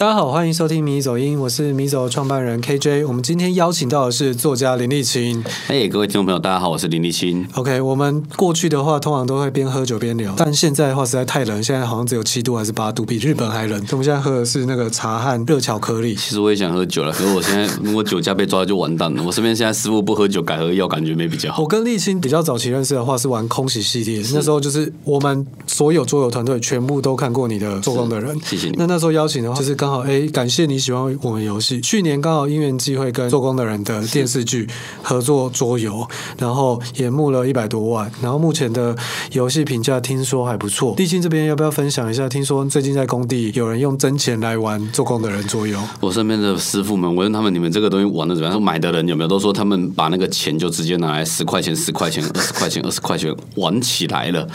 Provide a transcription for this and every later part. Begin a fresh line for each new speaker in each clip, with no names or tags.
大家好，歡迎收聽迷走音，我是迷走創辦人 KJ。我們今天邀請到的是作家林立青。哎、hey，各位聽眾朋友，大家好，我是林立青。OK，我們過去的話，通常都會邊喝酒邊聊，但現在的話實在太冷，現在好像只有七度還是八度，比日本還冷、嗯。我們現在喝的是那個茶和熱巧克力。
其實我也想喝酒了，可是我現在如果酒駕被抓就完蛋了。我身邊現在師傅不喝酒，改喝藥，感覺沒比較
好。我跟立青比較早期認識的話，是玩空襲系列，那時候就是我們所有桌遊團隊全部都看過你的做工的人。謝謝你。那那時候邀請的話，就是剛。好，哎，感謝你喜歡我們遊戲。去年剛好因緣際會跟《做工的人》的電視劇合作桌遊，然後也募了一百多萬。然後目前的遊戲評價聽說還不錯。立青這邊要不要分享一下？聽說最近在工地有人用真錢來玩《做工的人》桌遊。
我身邊的師傅們，我問他們你們這個東西玩的怎麼樣？買的人有沒有都說他們把那個錢就直接拿來十塊錢、十塊錢、二十塊錢、 二十塊錢、二十塊錢玩起來了。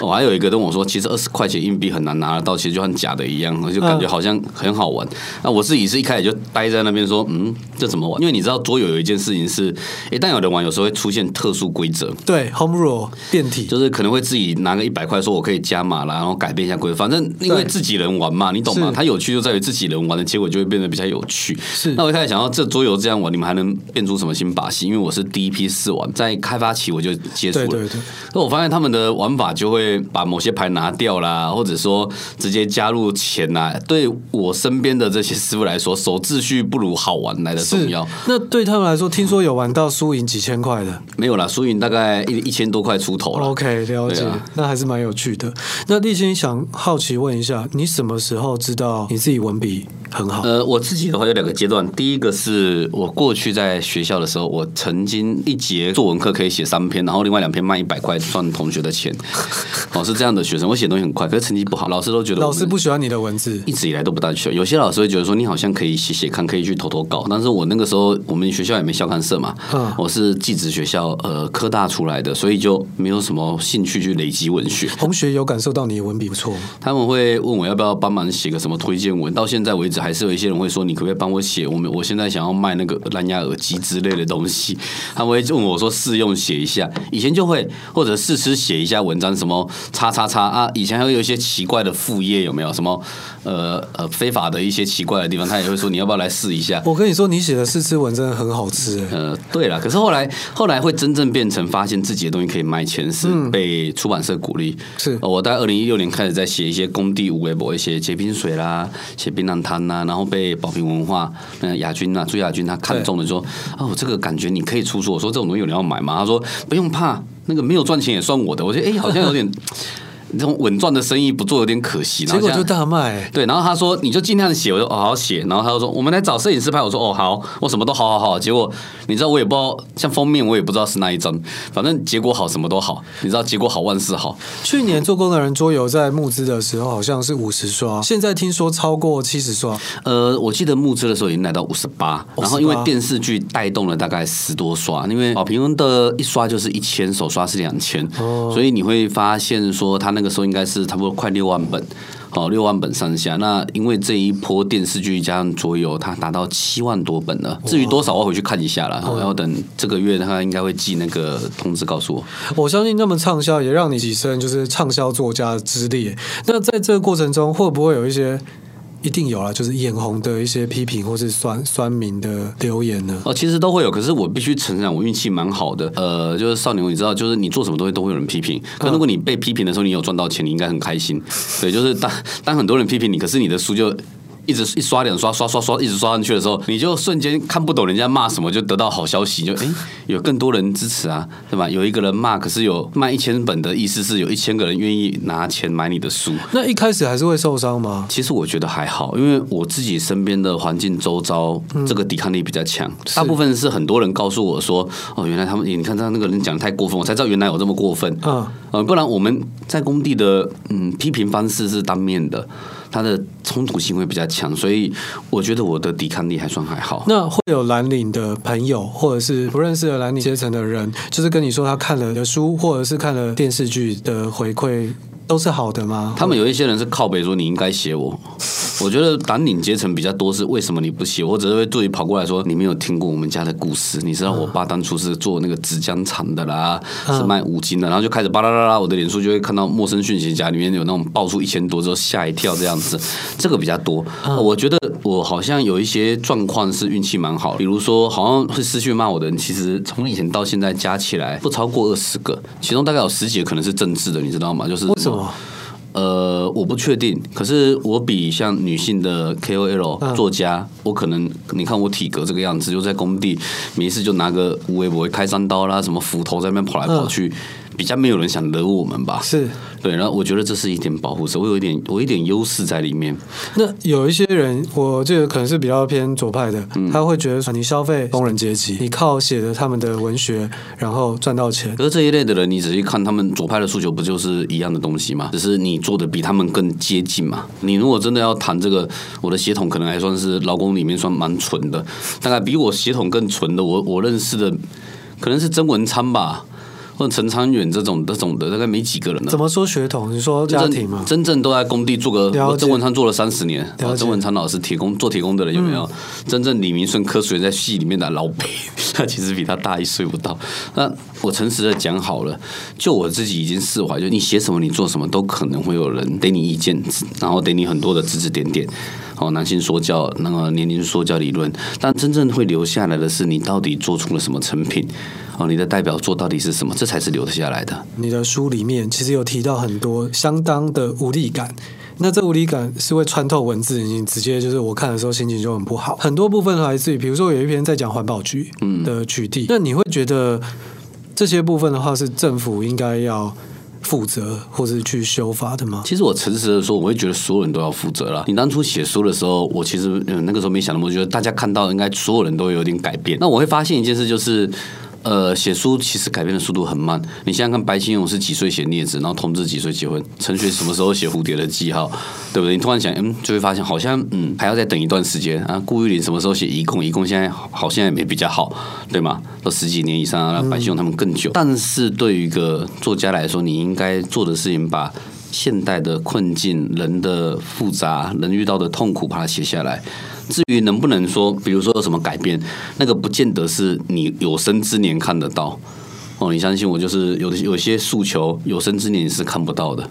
我、哦、還有一個跟我說，其實二十塊錢硬幣很難拿得到，其實就像假的一樣，我就感覺好像、呃、很。好玩，那、啊、我自己是一開始就待在那邊說，嗯，這怎麼玩？因為你知道桌遊有一件事情是，一、欸、旦有人玩，有時候會出現特殊規則。對，Home Rule 變體，就是可能會自己拿個一百塊，說我可以加碼啦，然後改變一下規則。反正因為自己人玩嘛，你懂嗎？它有趣就在於自己人玩的結果就會變得比較有趣。是，那我一開始想到這桌遊這樣玩，你們還能變出什麼新把戲？因為我是第一批試玩，在開發期我就接觸了。那，對對對，我發現他們的玩法就會把某些牌拿掉啦，或者說直接加入錢啦、啊。對我是。身邊的這些師傅來說，守秩序不如好玩來的重要。
那對他們來說，聽說有玩到輸贏幾千塊的，沒有啦，輸贏大概一一
千多塊出頭了。OK，了解，啊，
那還是蠻有趣的。那立青想好奇問一下，你什麼時候知道你自己文筆？很好。
呃，我自己的話有兩個階段。第一個是我過去在學校的時候，我曾經一節作文課可以寫三篇，然後另外兩篇賣一百塊賺同學的錢。老 師這樣的學生，我寫東西很快，可是成績不好，老師都覺得老師不喜歡你的文字。一直以來都不大喜歡。有些老師會覺得說你好像可以寫寫看，可以去投投稿。但是我那個時候我們學校也沒校刊社嘛，嗯，我是技職學校，呃，科大出來的，所以就沒有什麼興趣去累積文學。
同學有感受到你文筆不錯，
他們會問我要不要幫忙寫個什麼推薦文，到現在為止。還是有一些人會說，你可不可以幫我寫？我們我現在想要賣那個藍牙耳機之類的東西，他們會問我說試用寫一下。以前就會或者試吃寫一下文章，什麼叉叉叉啊。以前還會有一些奇怪的副業，有沒有什麼呃呃非法的一些奇怪的地方？他也會說你要不要來試一下？
我跟你說，你寫的試吃文真的很好吃。
對了，可是後來後來會真正變成發現自己的東西可以賣錢，是被出版社鼓勵。是，我在二零一六年開始在寫一些工地五 A 博，一些接冰水啦，寫檳榔攤。然後被寶瓶文化、那亞君，啊、朱亞君他看中了說，說：哦，這個感覺你可以出書。我說這種東西有人要買嗎？他說不用怕，那個沒有賺錢也算我的。我覺得哎、欸，好像有點。 這種穩賺的生意不做有點可惜。結果就大賣、欸。對，然後他說你就盡量寫，我就、哦、好好寫。然後他就說我們來找攝影師拍，我說哦好，我什麼都好好好。結果你知道我也不知道，像封面我也不知道是哪一張，反正結果好什麼都好。你知道結果好萬事好。
去年《做工的人》桌遊在募資的時候好像是五十刷、嗯，現在聽說超過七十刷。
呃，我記得募資的時候已經來到五十八，然後因為電視劇帶動了大概十多刷，因為好平均的一刷就是一千，首刷是兩千、哦，所以你會發現說他那個。那個時候應該是差不多快六萬本，好六萬本上下。那因為這一波電視劇加上桌遊，它達到七萬多本了。至於多少，我回去看一下了。然後等這個月，他應該會寄那個通知告訴我。
我相信這麼暢銷也讓你躋身就是暢銷作家的之列。那在這個過程中，會不會有一些？一定有啦，就是眼紅的一些批評，或是酸酸民的留言呢。
哦，其實都會有，可是我必須承認，我運氣蠻好的。呃，就是少年，你知道，就是你做什麼東西都會有人批評。那如果你被批評的時候，你有賺到錢，你應該很開心。對，就是當當很多人批評你，可是你的書就一直一刷兩刷刷刷刷，一直刷上去的時候，你就瞬間看不懂人家罵什麼，就得到好消息，就哎、欸，有更多人支持啊，對吧？有一個人罵，可是有賣一千本的意思，是有一千個人願意拿錢買你的書。
那一開始還是會受傷嗎？
其實我覺得還好，因為我自己身邊的環境周遭、嗯、這個抵抗力比較強。大部分是很多人告訴我說：“哦，原來他們，欸、你看他那個人講的太過分，我才知道原來我這麼過分。嗯、呃，不然我們在工地的嗯批評方式是當面的。它的衝突性會比較強，所以我覺得我的抵抗力還算還好。
那會有藍領的朋友，或者是不認識的藍領階層的人，就是跟你說他看了的書，或者是看了電視劇的回饋。都是好的嗎？他
們有一些人是靠北說你應該寫我，我覺得黨領階層比較多是為什麼你不寫？我只是會對你跑過來說，你沒有聽過我們家的故事，你知道我爸當初是做那個紙漿廠的啦，是賣五金的，然後就開始巴拉巴拉拉，我的臉書就會看到陌生訊息，家裡面有那種爆出一千多之後嚇一跳這樣子，這個比較多。我覺得我好像有一些狀況是運氣蠻好，比如說好像會失去罵我的人，其實從以前到現在加起來不超過二十個，其中大概有十幾個可能是政治的，你知道嗎？就是為什麼哦、呃，我不確定，可是我比像女性的 KOL 作家、嗯，我可能你看我體格這個樣子，就在工地沒事就拿個不會開山刀啦，什麼斧頭在那邊跑來跑去。嗯嗯比較沒有人想惹我們吧？是，對，然後我覺得這是一點保護色，我有一點，我有一點優勢在裡面。
那有一些人，我覺得可能是比較偏左派的，嗯、他會覺得說你消費工人階級，你靠寫的他們的文學然後賺到錢。
而這一類的人，你仔細看他們左派的訴求，不就是一樣的東西嗎？只是你做的比他們更接近嘛。你如果真的要談這個，我的血統可能還算是勞工裡面算蠻純的，大概比我血統更純的，我我認識的可能是曾文昌吧。問陳昌遠這種、這種的，大概沒幾個人了。怎
麼說血統？你說家庭嗎？真，
真正都在工地做個，我曾文昌做了三十年，啊。曾文昌老師，鐵工，做鐵工的人有沒有？嗯、真正李明順科學在戲裡面的老北， 他其實比他大一歲不到。那我誠實的講好了，就我自己已經釋懷，就你寫什麼、你做什麼，都可能會有人給你意見，然後給你很多的指指點點，好，男性說教，那個年齡說教理論。但真正會留下來的是，你到底做出了什麼成品？哦，你的代表作到底是什麼？這才是留得下來
的。你的書裡面其實有提到很多相當的無力感，那這無力感是會穿透文字，你直接就是我看的時候心情就很不好。很多部分來自於，比如說有一篇在講環保局的取締，嗯，那你會覺得這些部分的話是政府應該要負責或是去修法的嗎？
其實我誠實的說，我會覺得所有人都要負責了。你當初寫書的時候，我其實那個時候沒想那麼多，我覺得大家看到應該所有人都有點改變。那我會發現一件事就是。呃，寫書其實改變的速度很慢。你現在看白先勇是幾歲寫《孽子》，然後同志幾歲結婚？陳雪什麼時候寫《蝴蝶的記號》，對不對？你突然想，嗯，就會發現好像，嗯，還要再等一段時間啊。顧玉林什麼時候寫移工？移工現在好像也沒比較好，對嗎？都十幾年以上了，白先勇他們更久。嗯、但是對於一個作家來說，你應該做的事情，把現代的困境、人的複雜、人遇到的痛苦，把它寫下來。至於能不能說，比如說有什麼改變，那個不見得是你有生之年看得到哦。你相信我，就是有有些訴求，有生之年你是看不到的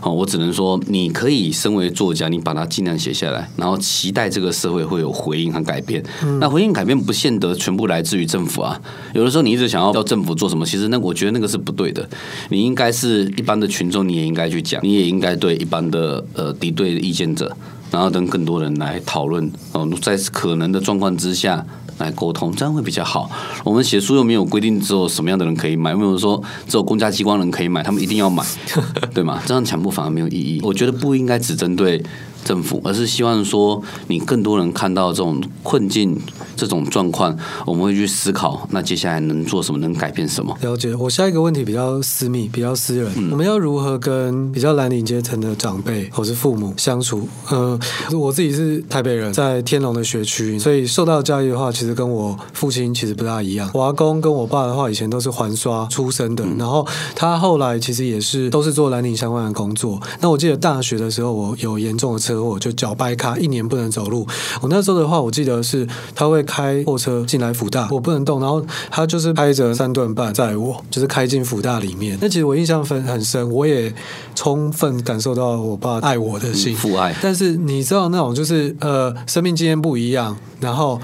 哦。我只能說，你可以身為作家，你把它盡量寫下來，然後期待這個社會會有回應和改變。嗯、那回應改變，不見得全部來自於政府啊。有的時候，你一直想要叫政府做什麼，其實那我覺得那個是不對的。你應該是一般的群眾，你也應該去講，你也應該對一般的呃敵對的意見者。然後等更多人來討論哦，在可能的狀況之下來溝通，這樣會比較好。我們寫書又沒有規定只有什麼樣的人可以買，沒有說只有公家機關人可以買，他們一定要買， 對嗎？這樣強迫反而沒有意義。我覺得不應該只針對。政府，而是希望說，你更多人看到這種困境、這種狀況，我們會去思考，那接下來能做什麼，能改變什麼？
了解。我下一個問題比較私密，比較私人。嗯、我們要如何跟比較藍領階層的長輩或是父母相處？呃，我自己是台北人，在天龍的學區，所以受到教育的話，其實跟我父親其實不大一樣。我阿公跟我爸的話，以前都是環刷出身的、嗯，然後他後來其實也是都是做藍領相關的工作。那我記得大學的時候，我有嚴重的。我就腳掰開，一年不能走路。我那時候的話，我記得是他會開貨車進來輔大，我不能動，然後他就是開着三噸半載我，就是開進輔大裡面。那其實我印象分很深，我也充分感受到我爸愛我的心，父愛。但是你知道那種就是呃，生命經驗不一樣，然後。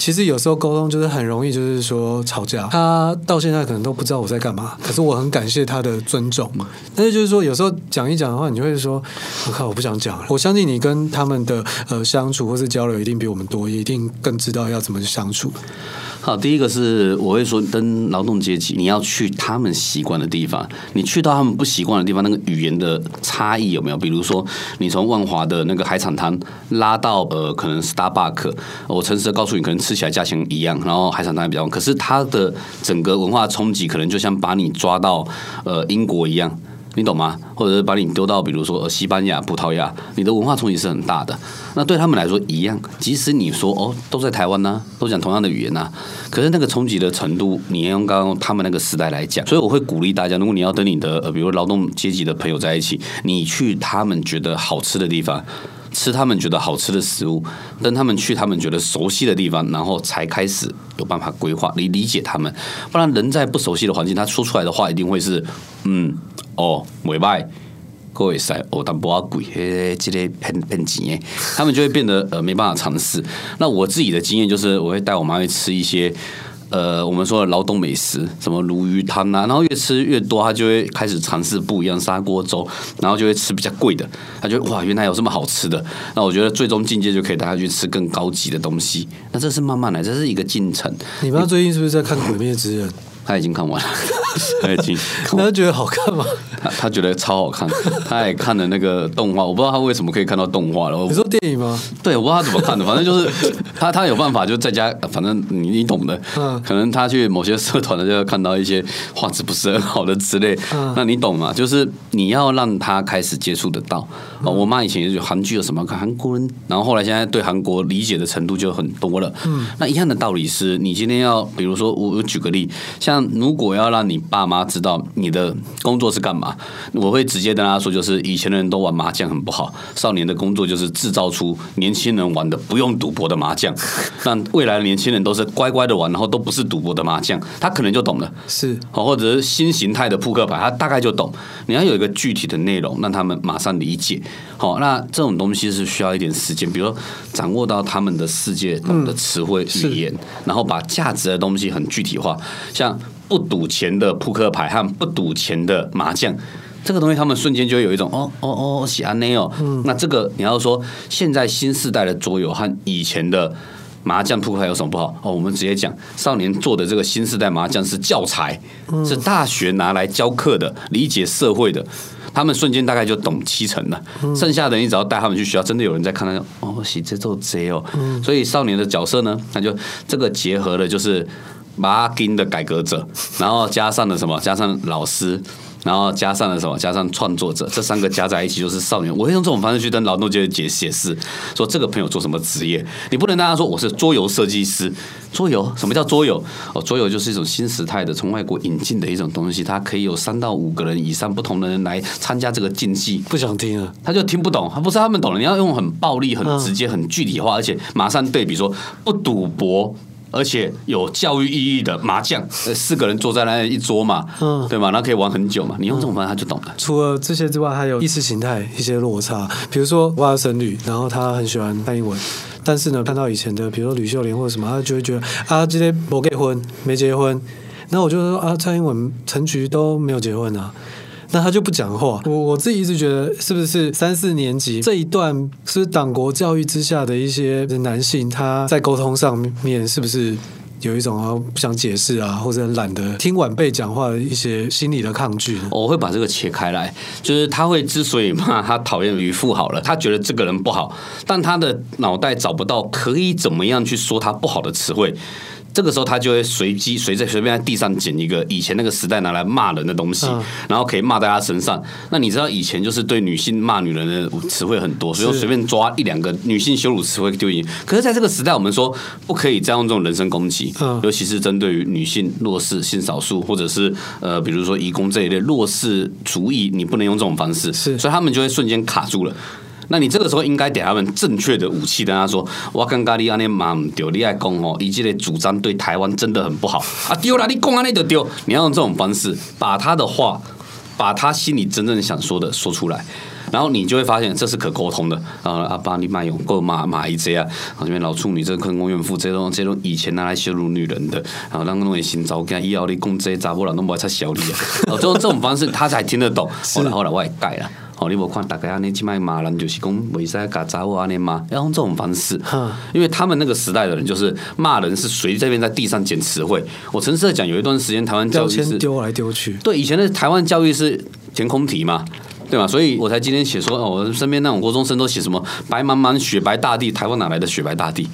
其實有時候溝通就是很容易，就是說吵架。他到現在可能都不知道我在幹嘛，可是我很感謝他的尊重嘛。但是就是說，有時候講一講的話，你就會說，我靠，我不想講了。我相信你跟他們的呃相處或是交流一定比我們多，也一定更知道要怎麼去相處。
好，第一個是我會說，跟勞動階級，你要去他們習慣的地方，你去到他們不習慣的地方，那個語言的差異有沒有？比如說，你從萬華的那個海產攤拉到呃，可能 Starbucks，我誠實地告訴你，可能吃起來價錢一樣，然後海產攤也比較，可是它的整個文化衝擊，可能就像把你抓到呃英國一樣。你懂嗎？或者是把你丟到比如說西班牙、葡萄牙，你的文化衝擊是很大的。那對他們來說一樣，即使你說哦，都在台灣呢，都講同樣的語言呢，可是那個衝擊的程度，你要用剛剛他們那個時代來講。所以我會鼓勵大家，如果你要跟你的呃，比如說勞動階級的朋友在一起，你去他們覺得好吃的地方，吃他們覺得好吃的食物，等他們去他們覺得熟悉的地方，然後才開始有辦法規劃，理理解他們。不然人在不熟悉的環境，他說出來的話一定會是嗯。哦，尾擺，過會塞，我當不阿貴，誒、欸，這類很很錢誒，他們就會變得呃沒辦法嘗試。那我自己的經驗就是，我會帶我媽去吃一些呃我們說的勞動美食，什麼鱸魚湯啊，然後越吃越多，她就會開始嘗試不一樣砂鍋粥，然後就會吃比較貴的，她就會哇，原來有這麼好吃的。那我覺得最終境界就可以帶她去吃更高級的東西，那這是慢慢來，這是一個進程。
你媽最近是不是在看鬼之人《鬼滅之刃》？
他已經看完了，他已經。
他覺得好看嗎？
他他覺得超好看。他也看了那個動畫，我不知道他為什麼可以看到動畫了。你說
電影嗎？
對，我不知道他怎麼看的，反正就是他他有辦法，就在家。反正你，你懂的，可能他去某些社團的就要看到一些畫質不是很好的之類。那你懂嗎？就是你要讓他開始接觸得到。我媽以前就韓劇有什麼韓國人，然後後來現在對韓國理解的程度就很多了，嗯。那一樣的道理是，你今天要比如說我我舉個例，像。如果要讓你爸媽知道你的工作是幹嘛，我會直接跟他說，就是以前的人都玩麻將很不好，少年的工作就是制造出年輕人玩的不用賭博的麻將，讓未來的年輕人都是乖乖的玩，然後都不是賭博的麻將，他可能就懂了，是，或者是新形態的撲克牌，他大概就懂。你要有一個具體的內容，讓他們馬上理解。好、哦，那這種東西是需要一點時間，比如說掌握到他們的世界、他們的詞彙語言、嗯，然後把價值的東西很具體化，像不賭錢的撲克牌和不賭錢的麻將，這個東西他們瞬間就會有一種哦哦哦，喜阿內哦，哦，哦、嗯。那這個你要說現在新世代的桌遊和以前的麻將、撲克牌有什麼不好？哦，我們直接講，少年做的這個新世代麻將是教材，是大學拿來教課的、嗯，理解社會的。他們瞬間大概就懂七成了，剩下的你只要帶他們去學校，真的有人在看他哦，是這都賊哦，嗯、所以少年的角色呢，他就這個結合了就是馬丁的改革者，然後加上了什麼，加上老師。然後加上了什麼？加上創作者，這三個加在一起就是少年。我會用這種方式去跟勞動界解解釋，說這個朋友做什麼職業？你不能跟大家說我是桌遊設計師。桌遊，什麼叫桌遊？哦，桌遊就是一種新時代的從外國引進的一種東西，它可以有三到五個人以上不同的人來參加這個競技。不想聽啊，他就聽不懂。他不是他們懂了，你要用很暴力、很直接、很具體化，嗯、而且馬上對比說不賭博。而且有教育意義的麻將，四個人坐在那一桌嘛、嗯，對嘛？然後可以玩很久嘛。你用這種方法，他就懂了、
嗯。除了這些之外，還有意識形態一些落差，比如說我外甥女，然後他很喜歡蔡英文，但是呢，看到以前的，比如說呂秀蓮或者什麼，他就會覺得啊，今天我結婚沒結婚？那我就說啊，蔡英文、陳菊都沒有結婚啊。那他就不講話。我我自己一直覺得，是不是三四年級這一段是黨國教育之下的一些男性，他在溝通上面是不是有一種不想解釋啊，或者懶得聽晚輩講話的一些心理的抗拒。哦？我會把這個切開來，就是他會之所以罵他，他討厭漁夫好了，他覺得這個人
不好，但他的腦袋找不到可以怎麼樣去說他不好的詞彙。這個時候他就會隨機隨隨便在地上撿一個以前那個時代拿來罵人的東西，然後可以罵在他身上。那你知道以前就是對女性罵女人的詞彙很多，所以我隨便抓一兩個女性羞辱詞彙丟贏。可是在這個時代，我們說不可以再用這種人身攻擊，尤其是針對於女性弱勢、性少數，或者是呃比如說移工這一類弱勢族裔，你不能用這種方式。所以他們就會瞬間卡住了。那你這個時候應該給他們正確的武器，跟他說：“我剛剛利亞那媽不丟你害講哦，伊這類主張對台灣真的很不好啊丟啦你講安你就丟，你要用這種方式把他的話，把他心裡真正想說的說出來，然後你就會發現這是可溝通的然啊阿爸你媽有過，罵罵伊這啊，這邊、個、老處女這個空閨怨婦，這種這種以前拿來羞辱女人的，啊、人的人 然後讓公人跟找，伊要你講這查不了，那麼才小力啊，就用這種方式他才聽得懂。後來後來我也改了。”哦，你無看大家，大概安尼去罵人就是講，為啥搞雜話安尼罵，要用這種方式，因為他們那個時代的人就是罵人是隨隨便便在地上撿詞彙。我曾經在講，有一段時間台灣教育是
丟來丟去，
對，以前的台灣教育是填空題嘛，對吧？所以我才今天寫說，哦，我身邊那種高中生都寫什麼“白茫茫雪白大地”，台灣哪來的雪白大地？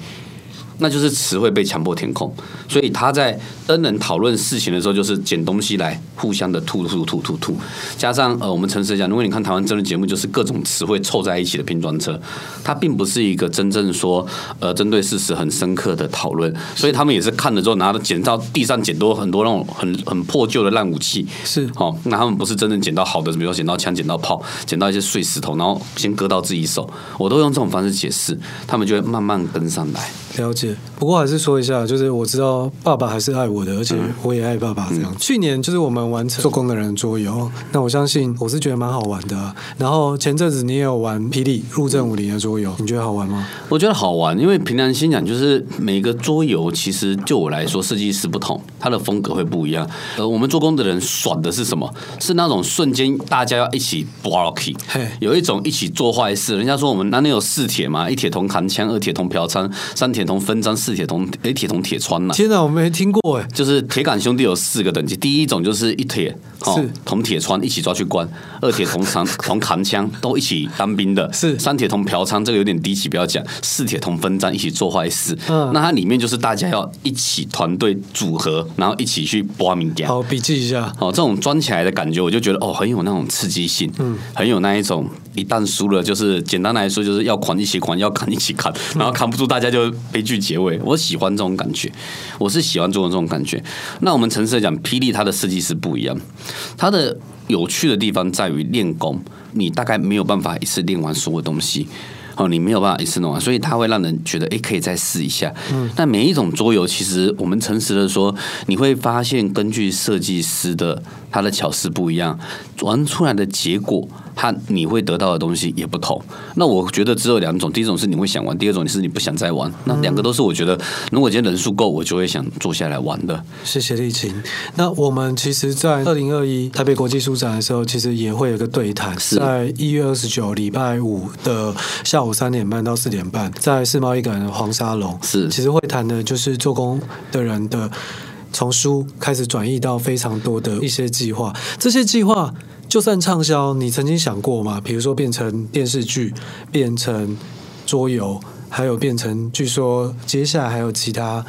那就是詞彙被強迫填空，所以他在。跟人討論事情的時候，就是撿東西來互相的吐吐吐吐吐，加上呃，我們誠實講，如果你看台灣政論節目，就是各種詞彙湊在一起的拼裝車，它並不是一個真正說呃針對事實很深刻的討論。所以他們也是看了之後，拿着撿到地上撿到很多那種很很破舊的爛武器，是哦，那他們不是真正撿到好的，比如說撿到槍、撿到炮、撿到一些碎石頭，然後先割到自己手。我都用這種方式解釋，他們就會慢慢跟上來。
了解，不過還是說一下，就是我知道爸爸還是愛我。我的，而且我也愛爸爸這樣、嗯嗯。去年就是我們玩做工的人桌遊、嗯，那我相信我是覺得蠻好玩的、啊。然後前陣子你也有玩霹靂入陣武林的桌遊、嗯，你覺得好玩嗎？
我覺得好玩，因為憑良心講，就是每個桌遊其實就我來說，設計師不同，他的風格會不一樣。呃，我們做工的人爽的是什麼？是那種瞬間大家要一起 b a r o 嘿，有一種一起做壞事。人家說我們哪裡有四鐵嘛？一鐵同扛槍，二鐵同嫖娼，三鐵同分贓，四鐵同誒鐵銅鐵穿吶、啊。天
吶，我沒聽過哎、欸。
就是鐵桿兄弟有四個等級，第一種就是一鐵。是、哦、一鐵同窗一起抓去關，二鐵同扛 同扛槍都一起當兵的，是三鐵同嫖娼，這個有點低級，不要講。四鐵同分贓一起做壞事，嗯，那它裡面就是大家要一起團隊組合，然後一起去挖名點。好，筆記一下。哦，這種裝起來的感覺，我就覺得哦很有那種刺激性，嗯，很有那一種，一旦輸了就是簡單來說就是要狂一起狂，要扛一起扛，然後扛不住大家就悲劇結尾、嗯。我喜歡這種感覺，我是喜歡做的這種感覺。那我們誠實來講，霹靂它的設計是不一樣。它的有趣的地方在於練功，你大概沒有辦法一次練完所有東西，好，你沒有辦法一次弄完，所以它會讓人覺得，誒，可以再試一下。但每一種桌遊，其實我們誠實的說，你會發現，根據設計師的他的巧思不一樣，玩出來的結果。他你會得到的東西也不同。那我覺得只有兩種：第一種是你會想玩，第二種是你不想再玩。那兩個都是我覺得，如果今天人數夠，我就會想坐下來玩的。
謝謝立青。那我們其實，在二零二一台北國際書展的時候，其實也會有一個對談，在一月二十九禮拜五的下午三點半到四點半，在世貿一館的黃沙龍是。其實會談的就是做工的人的，從書開始轉移到非常多的一些計劃，這些計劃。就算暢銷，你曾經想過嗎？比如說，變成電視劇，變成桌遊，還有變成，據說接下來還有其他。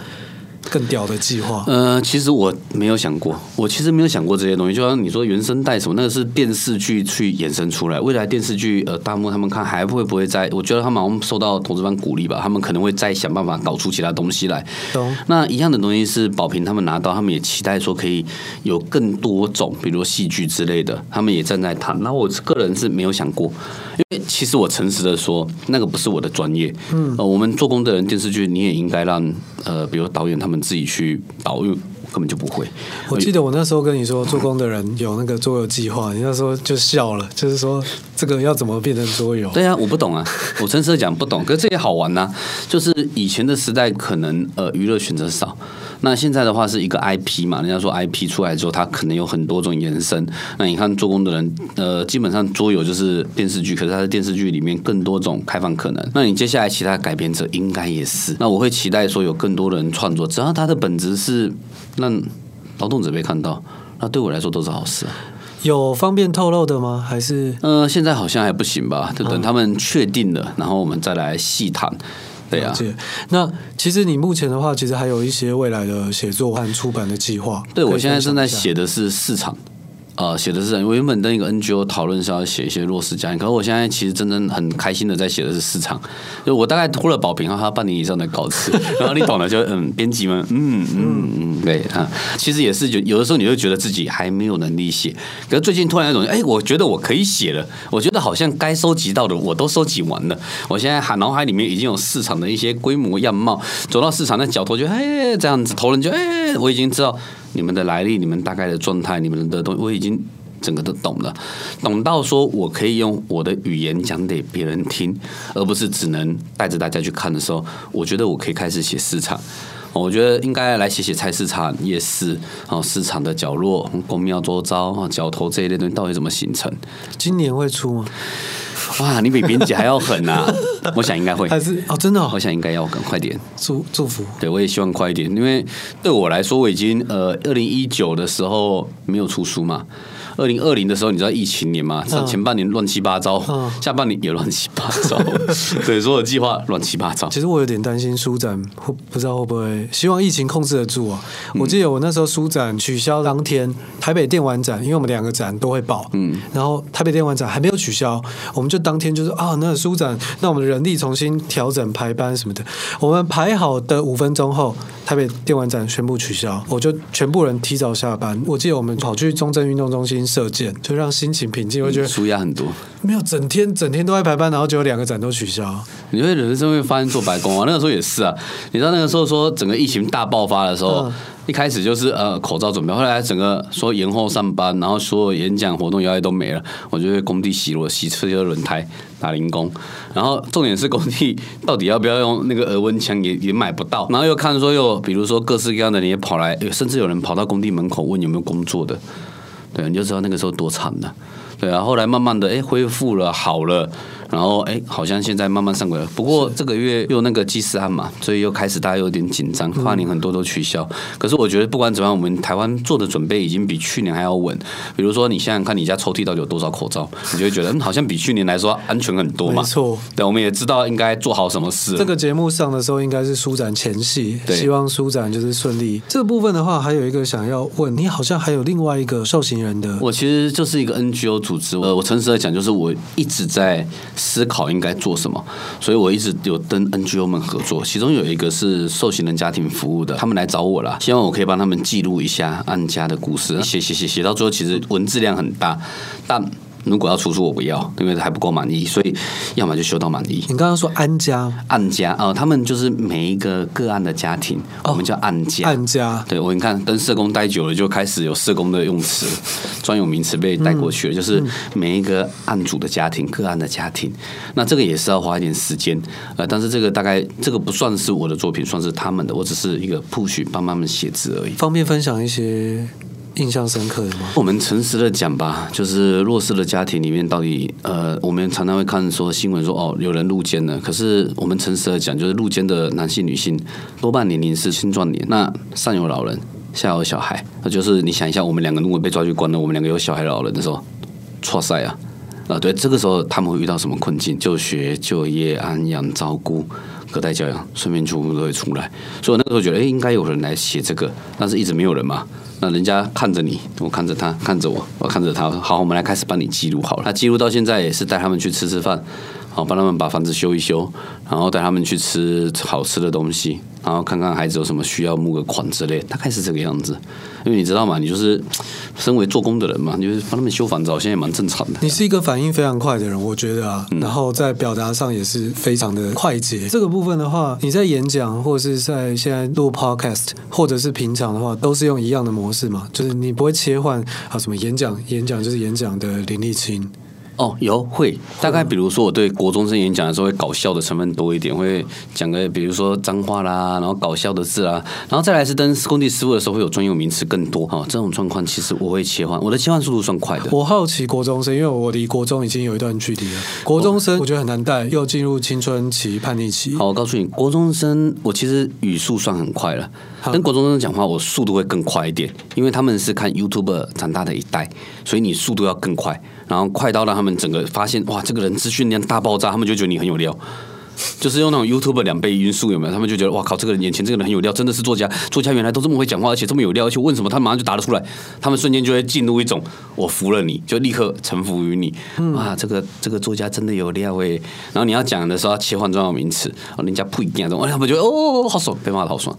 更屌的計劃？嗯、
呃，其實我沒有想過，我其實沒有想過這些東西。就像你說原聲帶什麼，那個是電視劇去衍生出來。未來電視劇呃，大幕他們看還會不會再，我覺得他們好像受到投資方鼓勵吧，他們可能會再想辦法搞出其他東西來。懂、哦。那一樣的東西是保平他們拿到，他們也期待說可以有更多種，比如說戲劇之類的，他們也站在談。那我個人是沒有想過，因為其實我誠實的說，那個不是我的專業。嗯。呃、我們做工的人，電視劇你也應該讓呃，比如導演他們。自己去導入根本就不會。我記得
我那時候跟你說，做工的人有那個桌遊計劃，你那時候就笑了，就是說這個要怎麼變成桌遊？對呀、啊，我不懂啊， 我真是
講不懂，可是這也好玩吶、啊。就是以前的時代，可能呃娛樂選擇少。那現在的話是一個 IP 嘛，人家說 IP 出來之後，它可能有很多種延伸。那你看做工的人，呃，基本上桌遊就是電視劇，可是它的電視劇裡面更多種開放可能。那你接下來其他改編者應該也是。那我會期待說有更多的人創作，只要它的本質是讓勞動者被看到，那對我來說都是好事啊。
有方便透露的嗎？還是
呃，現在好像還不行吧，就等他們確定了，嗯，然後我們再來細談。對啊，
那其實你目前的話，其實還有一些未來的寫作和出版的計劃。對，我現在正在寫
的是市場。呃，寫的是我原本跟一個 NGO 討論是要寫一些弱勢家庭，可我現在其實真正很開心的在寫的是市場。就我大概拖了保平哈他半年以上的稿子， 然後你懂了就嗯，編輯們嗯嗯嗯，對啊，其實也是就有的時候你就覺得自己還沒有能力寫，可是最近突然有一種哎，我覺得我可以寫了，我覺得好像該收集到的我都收集完了，我現在還腦海裡面已經有市場的一些規模樣貌，走到市場的角頭就哎這樣子，投資人就哎我已經知道。你們的來歷，你們大概的狀態，你們的東西，我已經整個都懂了，懂到說我可以用我的語言講給別人聽，而不是只能帶着大家去看的時候，我覺得我可以開始寫市場，我覺得應該來寫寫菜市場、夜市，然後市場的角落、宮廟周遭、角頭這一類東西到底怎麼形成？
今年會出嗎？
哇，你比編輯還要狠啊。 我想應該會，還是哦，真的、哦，我想應該要趕快點祝祝福。對，我也希望快一點，因為對我來說，我已經呃，二零一九的時候沒有出書嘛。二零二零的時候，你知道疫情年嗎？Oh, 前半年亂七八糟，oh. 下半年也亂七八糟，oh. 對，所有計劃亂七八糟。
其實我有點擔心書展，不不知道會不會希望疫情控制得住啊？嗯、我記得我那時候書展取消當天，台北電玩展，因為我們兩個展都會爆。嗯，然後台北電玩展還沒有取消，我們就當天就是啊、哦，那書展，那我們人力重新調整排班什麼的，我們排好的五分鐘後，台北電玩展全部取消，我就全部人提早下班。我記得我們跑去中正運動中心。射箭就讓心情平靜，我覺得舒
壓很多。
沒有，整天整天都在排班，然後就有兩個展都取消。
你覺得人生會發生做白工啊？ 那個時候也是啊。你知道那個時候說整個疫情大爆發的時候，嗯、一開始就是呃口罩準備，後來整個說延後上班，然後所有演講活動原來都沒了。我就會工地洗車、洗車、修輪胎打零工，然後重點是工地到底要不要用那個額溫槍也也買不到，然後又看說又比如說各式各樣的人也跑來，甚至有人跑到工地門口問有沒有工作的。對，你就知道那個時候多慘了，對啊，後來慢慢的，哎，恢復了，好了。然後，哎，好像現在慢慢上軌了。不過這個月又那個機師案嘛，所以又開始大家有點緊張，跨年很多都取消，嗯。可是我覺得不管怎麼樣，我們台灣做的準備已經比去年還要穩。比如說，你想想看你家抽屜到底有多少口罩， 你就會覺得，嗯，好像比去年來說安全很多嘛。沒錯。對，我們也知道應該做好什麼事。這個
節目上的時候應該是書展前夕，希望書展就是順利。這部分的話，還有一個想要問你，好像還有另外一個受刑人的，
我其實就是一個 NGO 組織。呃，我誠實的講，就是我一直在。思考應該做什麼，所以我一直有跟 NGO 們合作，其中有一個是受刑人家庭服務的，他們來找我了，希望我可以幫他們記錄一下案家的故事，寫寫寫寫，寫到最後其實文字量很大，但。如果要出書，我不要，因為還不夠滿意，所以要麼就修到滿意。你剛剛說“案家”，案家啊、呃，他們就是每一個個案的家庭，我們叫案、哦“案家”對。案家，對我你看，跟社工待久了，就開始有社工的用詞， 專有名詞被帶過去了，嗯、就是每一個案主的家庭、嗯、個案的家庭。那這個也是要花一點時間，呃，但是這個大概這個不算是我的作品，算是他們的，我只是一個 push，幫，幫他們寫字而已。
方便分享一些。印象深刻的嗎？
我們誠實的講吧，就是弱勢的家庭裡面，到底呃，我們常常會看說新聞說哦，有人入監了。可是我們誠實的講，就是入監的男性、女性多半年齡是青壯年。那上有老人，下有小孩，那就是你想一下，我們兩個如果被抓去關了，我們兩個有小孩、老人的時候，錯塞啊啊、呃，對，這個時候他們會遇到什麼困境？就學、就業、安養、照顧、隔代教養，順便全部都會出來。所以我那個時候覺得，哎、欸，應該有人來寫這個，但是一直沒有人嘛。那人家看着你，我看着他，看着我，我看着他。好，我們來開始幫你記錄好了。那記錄到現在也是帶他們去吃吃飯。幫他們把房子修一修，然後帶他們去吃好吃的東西，然後看看孩子有什麼需要募個款之類，大概是這個樣子。因為你知道嗎？你就是身為做工的人嘛，就是幫他們修房子，好像也蠻正常的。
你是一個反應非常快的人，我覺得啊、嗯，然後在表達上也是非常的快捷。這個部分的話，你在演講或者是在現在錄 Podcast 或者是平常的話，都是用一樣的模式嘛，就是你不會切換啊，什麼演講演講就是演講的林立青。
哦，有會大概比如說，我對國中生演講的時候會搞笑的成分多一點，會講個比如說髒話啦，然後搞笑的字啦，然後再來是跟工地師傅的時候會有專用名詞更多。好，哦，這種狀況其實我會切換，我的切換速度算快的。我
好奇國中生，因為我離國中已經有一段距離了。國中生我覺得很難帶，又進入青春期叛逆期。好，我告訴你，國中生我其實語速算很快了，跟國中生講
話我速度會更快一點，因為他們是看 YouTuber 長大的一代，所以你速度要更快。然後快刀讓他們整個發現哇，這個人資訊量大爆炸，他們就覺得你很有料，就是用那種 YouTube 兩倍音速有沒有？他們就覺得哇，靠，這個人眼前這個人很有料，真的是作家，作家原來都這麼會講話，而且這麼有料，而且問什麼他馬上就答得出來，他們瞬間就會進入一種我服了你，你就立刻臣服於你，嗯、啊，這個這個作家真的有料誒、欸。然後你要講的時候切換重要名詞、哦，人家不一定，哎，他們覺得哦，哦，好爽，被罵得好爽。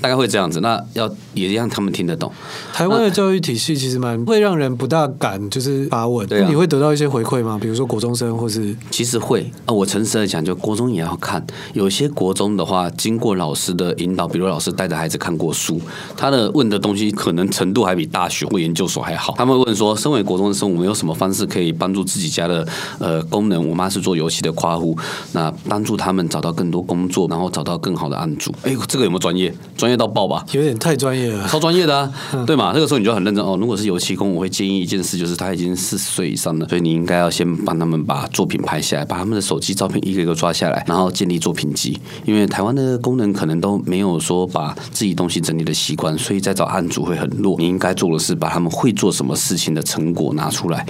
大概會這樣子，那要也讓他們聽得懂。
台灣的教育體系其實蠻會讓人不大敢就是把握對、啊、你會得到一些回饋嗎？比如說國中生或是……
其實會啊。我誠實的講，就國中也要看，有些國中的話，經過老師的引導，比如老師帶着孩子看過書，他的問的東西可能程度還比大學或研究所還好。他們會問說，身為國中生，我們有什麼方式可以幫助自己家的呃功能？我媽是做遊戲的夸父，那幫助他們找到更多工作，然後找到更好的案主。哎、欸，這個有沒有專業？專業到爆吧，有點太
專業了，超專業的、啊嗯、
對嘛？這個時候你就很認真哦。如果是油漆工，我會建議一件事，就是他已經四十歲以上的，所以你應該要先幫他們把作品拍下來，把他們的手機照片一個一個抓下來，然後建立作品集。因為台灣的工人可能都沒有說把自己東西整理的習慣，所以在找案主會很弱。你應該做的是把他們會做什麼事情的成果拿出來。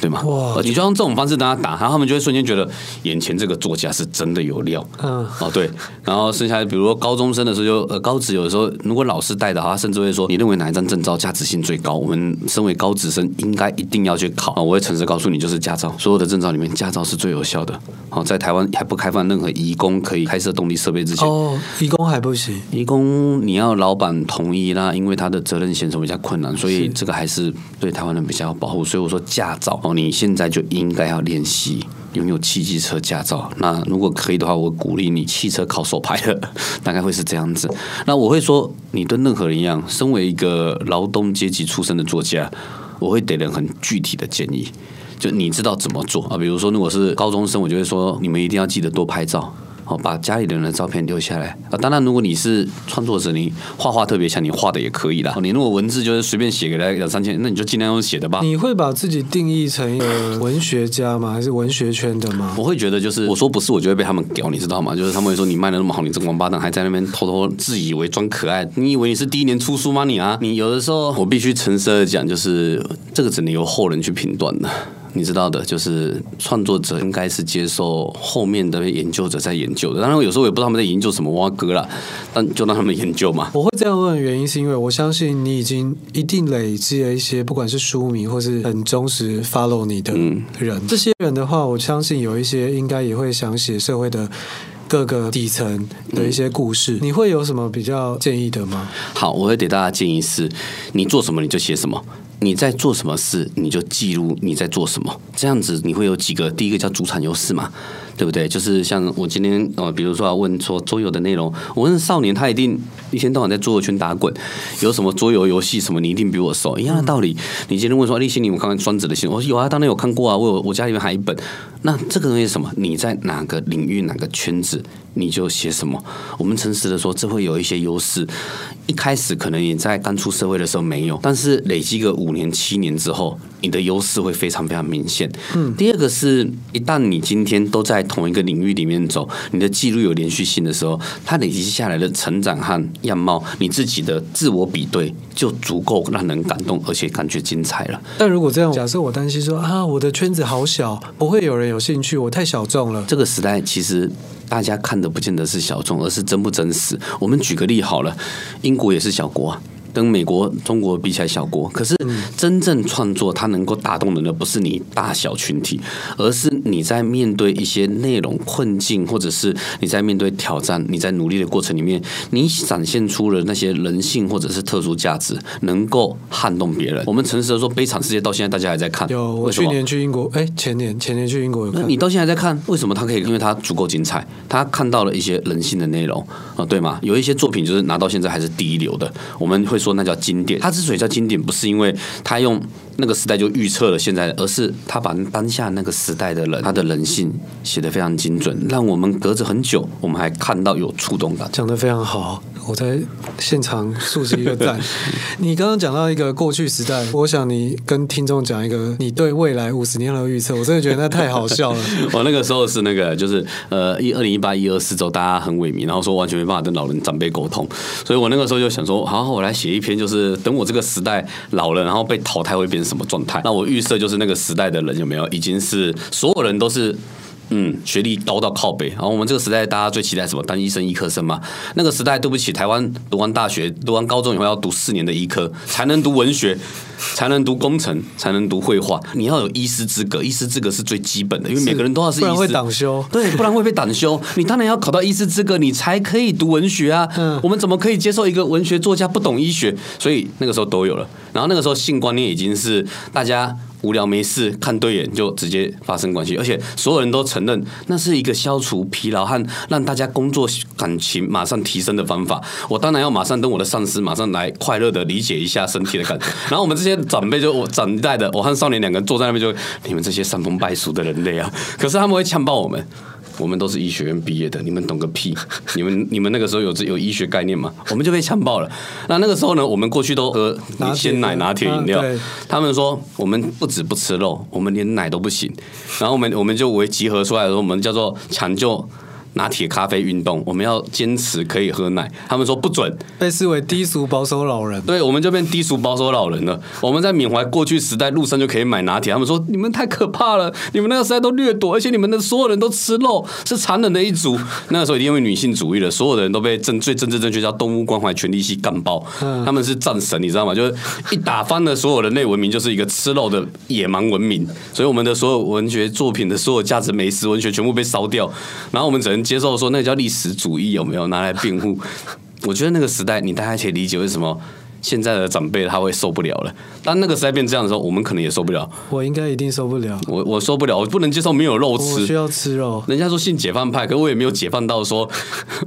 對嗎？哇！你就用這種方式跟他打，他他們就會瞬間覺得眼前這個作家是真的有料。嗯。哦，對。然後剩下，比如說高中生的時候就，就呃高職有的時候，如果老師帶的話甚至會說，你認為哪一張證照價值性最高？我們身為高職生應該一定要去考。我會誠實告訴你，就是駕照，所有的證照裡面駕照是最有效的。好，在台灣還不開放任何移工可以開設動力設備之前哦，移工還不行。移工你要老闆同意啦，因為他的責任險是比較困難，所以這個還是對台灣人比較保護。所以我說駕照。你現在就應該要練習擁有汽機車駕照。那如果可以的話，我鼓勵你汽車考手牌了，大概會是這樣子。那我會說，你跟任何人一樣，身為一個勞動階級出身的作家，我會給人很具體的建議，就你知道怎麼做啊？比如說，如果是高中生，我就會說，你們一定要記得多拍照。好，把家裡的人的照片留下來啊！當然，如果你是創作者，你畫畫特別強，你畫的也可以啦。你如果文字就是隨便寫，給他兩三千，那你就盡量用寫的吧。你
會把自己定義成一個文學家嗎？ 還是文學圈的嗎？
我會覺得就是，我說不是，我就會被他們屌，你知道嗎？就是他們會說你賣的那麼好，你這個王八蛋還在那邊偷偷自以為裝可愛，你以為你是第一年出書嗎？你啊，你有的時候我必須誠實的講，就是這個只能由後人去評斷了。你知道的，就是創作者應該是接受後面的研究者在研究的。當然，我有時候我也不知道他們在研究什麼挖哥啦，但就讓他們研究嘛。
我會這樣問的原因是因為我相信你已經一定累積了一些，不管是書迷或是很忠實 follow 你的人，嗯、這些人的話，我相信有一些應該也會想寫社會的各個底層的一些故事，嗯。你會有什麼比較建議的嗎？好，我
會給大家建議是：你做什麼你就寫什麼。你在做什麼事，你就記錄你在做什麼，這樣子你會有幾個，第一個叫主場優勢嘛。對不對？就是像我今天呃、哦，比如說要問說桌遊的內容，我問少年，他一定一天到晚在桌遊圈打滾，有什麼桌遊遊戲，什麼你一定比我熟，一樣的道理。嗯、你今天問說，啊、立青，你有沒有看過莊子的信，我說有啊，當年有看過啊，我我家裡面還一本。那這個東西是什麼？你在哪個領域、哪個圈子，你就寫什麼。我們誠實的說，這會有一些優勢。一開始可能也在剛出社會的時候沒有，但是累積個五年、七年之後。你的優勢會非常非常明顯。嗯，第二個是一旦你今天都在同一個領域裡面走，你的記錄有連續性的時候，它累積下來的成長和樣貌，你自己的自我比對就足夠讓人感動，而且感覺精彩了。
但如果這樣，假設我擔心說啊，我的圈子好小，不會有人有興趣，我太小眾了。這個時代其實
大家看的不見得是小眾，而是真不真實。我們舉個例好了，英國也是小國啊。跟美國、中國比起來，小國可是真正創作，它能夠打動人的不是你大小群體，嗯、而是你在面對一些內容困境，或者是你在面對挑戰，你在努力的過程裡面，你展現出了那些人性或者是特殊價值，能夠撼動別人。我們誠實的說，《悲慘世界》到現在大家還在看。有，我去年
去英國，哎、欸，前年前年去英國有看，那你
到現在還在看，為什麼他可以？因為他足夠精彩，他看到了一些人性的內容啊，對嗎？有一些作品就是拿到現在還是第一流的，我們會。說那叫經典，他之所以叫經典，不是因為他用那個時代就預測了現在，而是他把當下那個時代的人，他的人性寫得非常精準，讓我們隔着很久，我們還看到有觸動感。
講得非常好，我在現場豎起一個讚。 你剛剛講到一個過去時代，我想你跟聽眾講一個你對未來五十年的預測，我真的覺得那太好笑了。
我那個時候是那個，就是呃一二零一八一二四周，大家很萎靡，然後說完全沒辦法跟老人長輩溝通，所以我那個時候就想說，好好，我來寫。每一篇就是等我這個時代老了，然後被淘汰會變成什麼狀態？那我預設就是那個時代的人有沒有已經是所有人都是。嗯，學歷高到靠北。然、哦、後我們這個時代，大家最期待什麼？當醫生、醫科生嘛。那個時代，對不起，台灣讀完大學、讀完高中以後，要讀四年的醫科，才能讀文學， 才能讀工程，才能讀繪畫。你要有醫師資格，醫師資格是最基本的，因為每個人都要是,醫師是。不然會擋修。對，不然會被擋修。你當然要考到醫師資格，你才可以讀文學啊、嗯。我們怎麼可以接受一個文學作家不懂醫學？所以那個時候都有了。然後那個時候性觀念已經是大家。無聊沒事，看對眼就直接發生關係，而且所有人都承認那是一個消除疲勞和讓大家工作感情馬上提升的方法。我當然要馬上跟我的上司馬上來快樂的理解一下身體的感覺。 然後我們這些長輩就長一代的，我和少年兩個人坐在那邊就，你們這些傷風敗俗的人類啊！可是他們會嗆爆我們。我們都是醫學院畢業的，你們懂個屁！ 你們你們那個時候有這有醫學概念嗎？ 我們就被強暴了。那那個時候呢？我們過去都喝拿鮮奶、拿鐵飲料，啊。他們說我們不止不吃肉，我們連奶都不行。然後我們我們就為集合出來的時候，我們叫做搶救拿鐵咖啡運動，我們要堅持可以喝奶。他們說不准，
被視為低俗保守老
人。對，我們就變低俗保守老人了。我們在緬懷過去時代路上就可以買拿鐵。他們說你們太可怕了，你們那個時代都掠奪，而且你們的所有人都吃肉，是殘忍的一族。那個時候已經因為女性主義了，所有的人都被政最政治正確叫動物關懷權利系幹爆、嗯。他們是戰神，你知道嗎？就是一打翻了所有人類文明，就是一個吃肉的野蠻文明。所以我們的所有文學作品的所有價值美食文學全部被燒掉，然後我們只能。接受說，那個、叫歷史主義有沒有拿來辯護？ 我覺得那個時代你大概可以理解為什麼。現在的長輩他會受不了了，當那個時代變這樣的時候，我們可能也受不了。
我應該一定受不了。
我我受不了，我不能接受沒有肉吃。需
要吃肉。
人家說性解放派，可我也沒有解放到說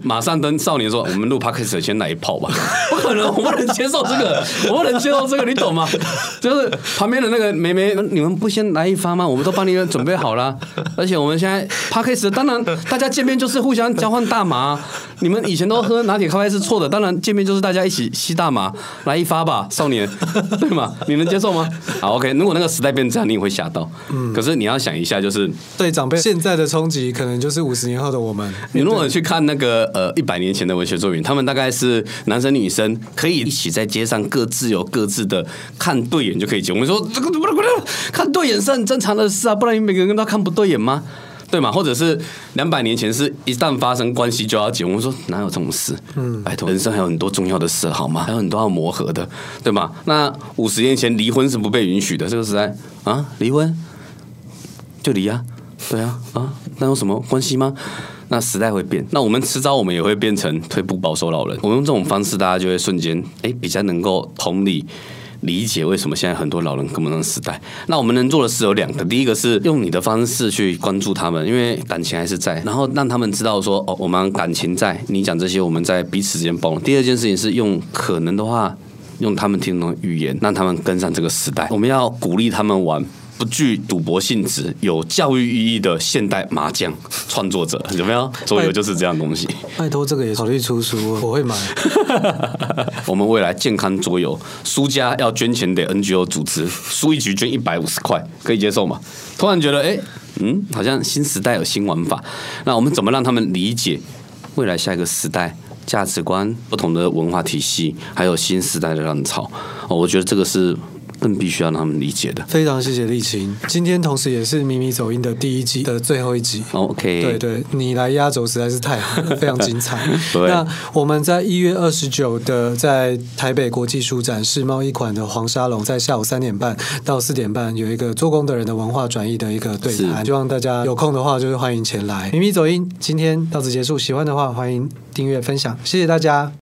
馬上登少年說， 我們錄 podcast 先來一炮吧。
不可能，我不能接受這個，
我不能接受這個， 你懂嗎？就是旁邊的那個妹妹，你們不先來一發嗎？我們都幫你們準備好了啊，而且我們現在 podcast 當然大家見面就是互相交換大麻。 你們以前都喝拿鐵咖啡是錯的，當然見面就是大家一起吸大麻。來一發吧，少年， 對嗎？你能接受嗎？好，OK。如果那個時代變這樣，你也會嚇到，嗯。可是你要想一下，就是
對長輩現在的衝擊，可能就是五十年後的我們。
你如果去看那個呃一百年前的文學作品，他們大概是男生女生可以一起在街上各自有各自的看對眼就可以結婚。我們說這個看對眼是很正常的事啊，不然你每個人都看不對眼嗎？對嘛，或者是兩百年前是一旦發生關係就要結婚。我說哪有這種事？嗯，拜託，人生還有很多重要的事，好嗎？還有很多要磨合的，對嗎？那五十年前離婚是不被允許的，這個時代啊，離婚就離呀，啊，對啊，啊，那有什麼關係嗎？那時代會變，那我們遲早我們也會變成退步保守老人。我們用這種方式，大家就會瞬間哎，比較能夠同理。理解為什麼現在很多老人跟不上時代，那我們能做的事有兩個，第一個是用你的方式去關注他們，因為感情還是在，然後讓他們知道說哦，我們感情在，你講這些我們在彼此之間包容。第二件事情是用可能的話，用他們聽懂的語言，讓他們跟上這個時代。我們要鼓勵他們玩。不具賭博性質、有教育意義的現代麻將創作者有沒有？桌遊就是這樣東西。
拜託，拜這個也考慮出書， 我會買。
我們未來健康桌遊，輸家要捐錢給 NGO 組織，輸一局捐一百五十塊，可以接受嗎？突然覺得，哎、欸，嗯，好像新時代有新玩法。那我們怎麼讓他們理解未來下一個時代價值觀、不同的文化體系，還有新時代的浪潮？哦，我覺得這個是。那必須要讓他們理解的。
非常謝謝立青。今天同時也是《迷迷走音》的第一季的最後一集。OK，對對，對，你來壓軸實在是太好了，非常精彩。 對，那我們在一月二十九的在台北國際書展世貿一館的黃沙龍，在下午三點半到四點半有一個做工的人的文化轉譯的一個對談，希望大家有空的話就是歡迎前來。《迷迷走音》今天到此結束，喜歡的話歡迎訂閱分享，謝謝大家。